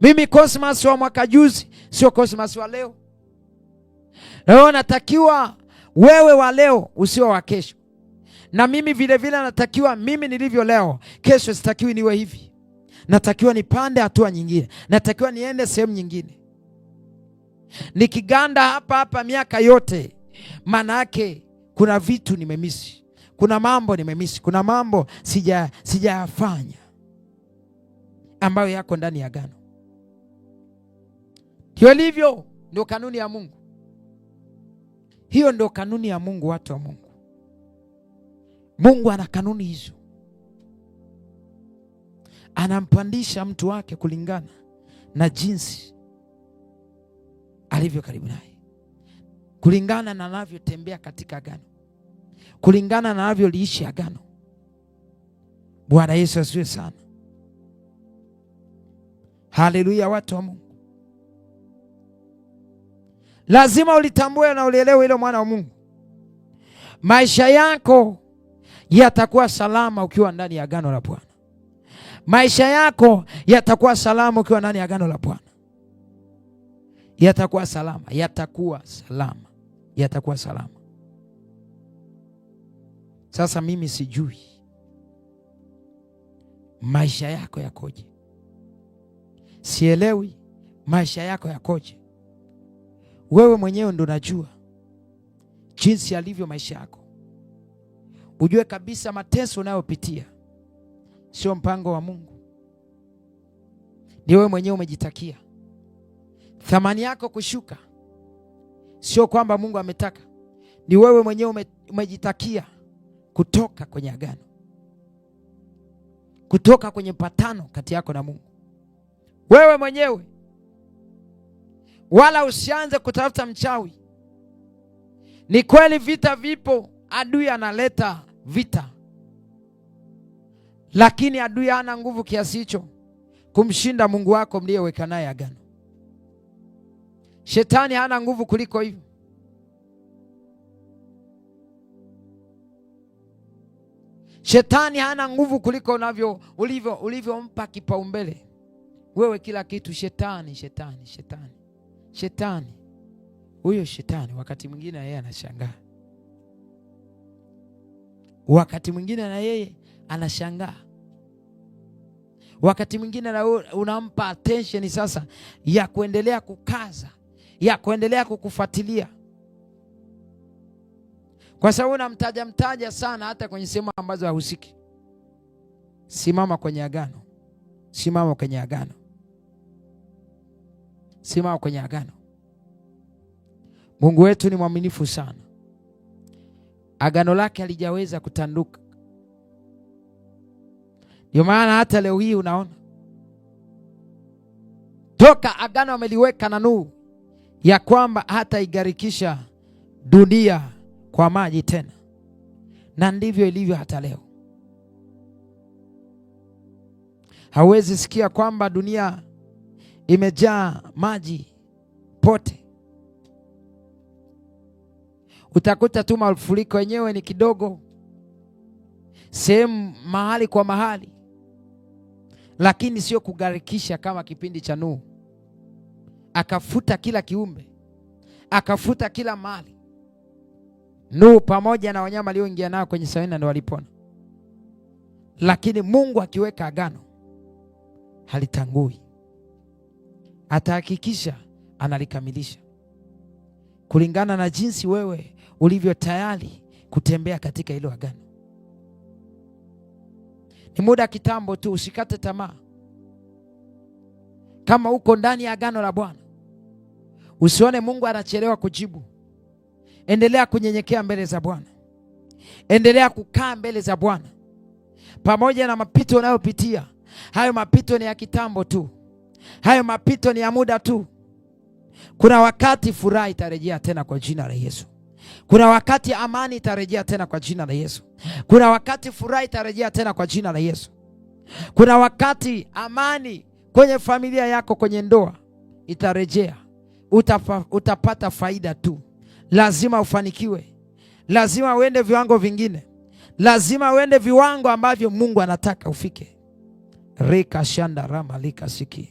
Mimi Cosmas wa mwaka juzi sio Cosmas wa leo. Leo natakiwa wewe wa leo usio wa kesho, na mimi vilevile vile natakiwa mimi nilivyo leo, kesho sitakiwi niwe hivi. Natakiwa nipande hatua nyingine, natakiwa niende sehemu nyingine. Nikiganda hapa hapa miaka yote, maana yake kuna vitu nimemisi, kuna mambo nimemisi, kuna mambo sijayafanya sija ambayo yako ndani ya gano hiyo ndivyo ndio kanuni ya Mungu. Hiyo ndio kanuni ya Mungu, watu wa Mungu. Mungu ana kanuni hizo, anampandisha mtu wake kulingana na jinsi alivyo karibu naye, kulingana na anavyotembea katika agano, kulingana na anavyoliishi agano. Bwana Yesu asiwe sana. Haleluya, watu wa Mungu. Lazima ulitambue na ulielewe hilo, mwana wa Mungu. Maisha yako yatakuwa salama ukiwa ndani ya agano la Bwana. Maisha yako yatakuwa salama ukiwa ndani ya agano la Bwana, yatakuwa salama, yatakuwa salama, yatakuwa salama. Sasa mimi sijui maisha yako yakoje, sielewi maisha yako yakoje wewe mwenyewe ndo unajua jinsi alivyo maisha yako. Ujue kabisa mateso unayopitia sio mpango wa Mungu, ni wewe mwenyewe umejitakia. Thamani yako kushuka sio kwamba Mungu ametaka, ni wewe mwenyewe umejitakia kutoka kwenye agano, kutoka kwenye mpatano kati yako na Mungu, wewe mwenyewe wala usianze kutafuta mchawi. Ni kweli vita vipo, adui analeta vita, lakini adui hana nguvu kiasi hicho kumshinda Mungu wako mliyeweka naye agano. Shetani hana nguvu kuliko hivyo. Shetani hana nguvu kuliko unavyo ulivyo ulivyompa kipaumbele wewe, kila kitu shetani, shetani, shetani. Shetani huyo shetani wakati mwingine na yeye anashangaa, wakati mwingine na yeye anashangaa, wakati mwingine na unampa attention sasa ya kuendelea kukaza, ya kuendelea kukufuatilia, kwa sababu unamtaja mtaja sana hata kwenye sehemu ambazo hahusiki. Simama kwenye agano, simama kwenye agano simama kwenye agano. Mungu wetu ni mwaminifu sana, agano lake halijaweza kutanduka. Ndio maana hata leo hii unaona toka agano ameliweka na Nuhu ya kwamba hata igarikisha dunia kwa maji tena, na ndivyo ilivyo hata leo. Hauwezi sikia kwamba dunia imejaa maji pote. Utakuta tu mafuriko yenyewe ni kidogo, sehemu mahali kwa mahali, lakini sio kugharikisha kama kipindi cha Nuhu. Akafuta kila kiumbe, akafuta kila mali. Nuhu pamoja na wanyama walioingia nao kwenye safina ndio walipona, lakini Mungu akiweka agano halitangui atahakikisha analikamilisha kulingana na jinsi wewe ulivyo tayari kutembea katika hilo agano. Ni muda kitambo tu, usikate tamaa. Kama uko ndani ya agano la Bwana, usione Mungu anachelewa kujibu. Endelea kunyenyekea mbele za Bwana, endelea kukaa mbele za Bwana pamoja na mapito unayopitia. Hayo mapito ni ya kitambo tu. Hayo mapito ni ya muda tu. Kuna wakati furaha itarejea tena kwa jina la Yesu. Kuna wakati amani itarejea tena kwa jina la Yesu. Kuna wakati furaha itarejea tena kwa jina la Yesu. Kuna wakati amani kwenye familia yako, kwenye ndoa itarejea. Utapa, utapata faida tu. Lazima ufanikiwe, lazima uende viwango vingine, lazima uende viwango ambavyo Mungu anataka ufike. rika shanda rama lika siki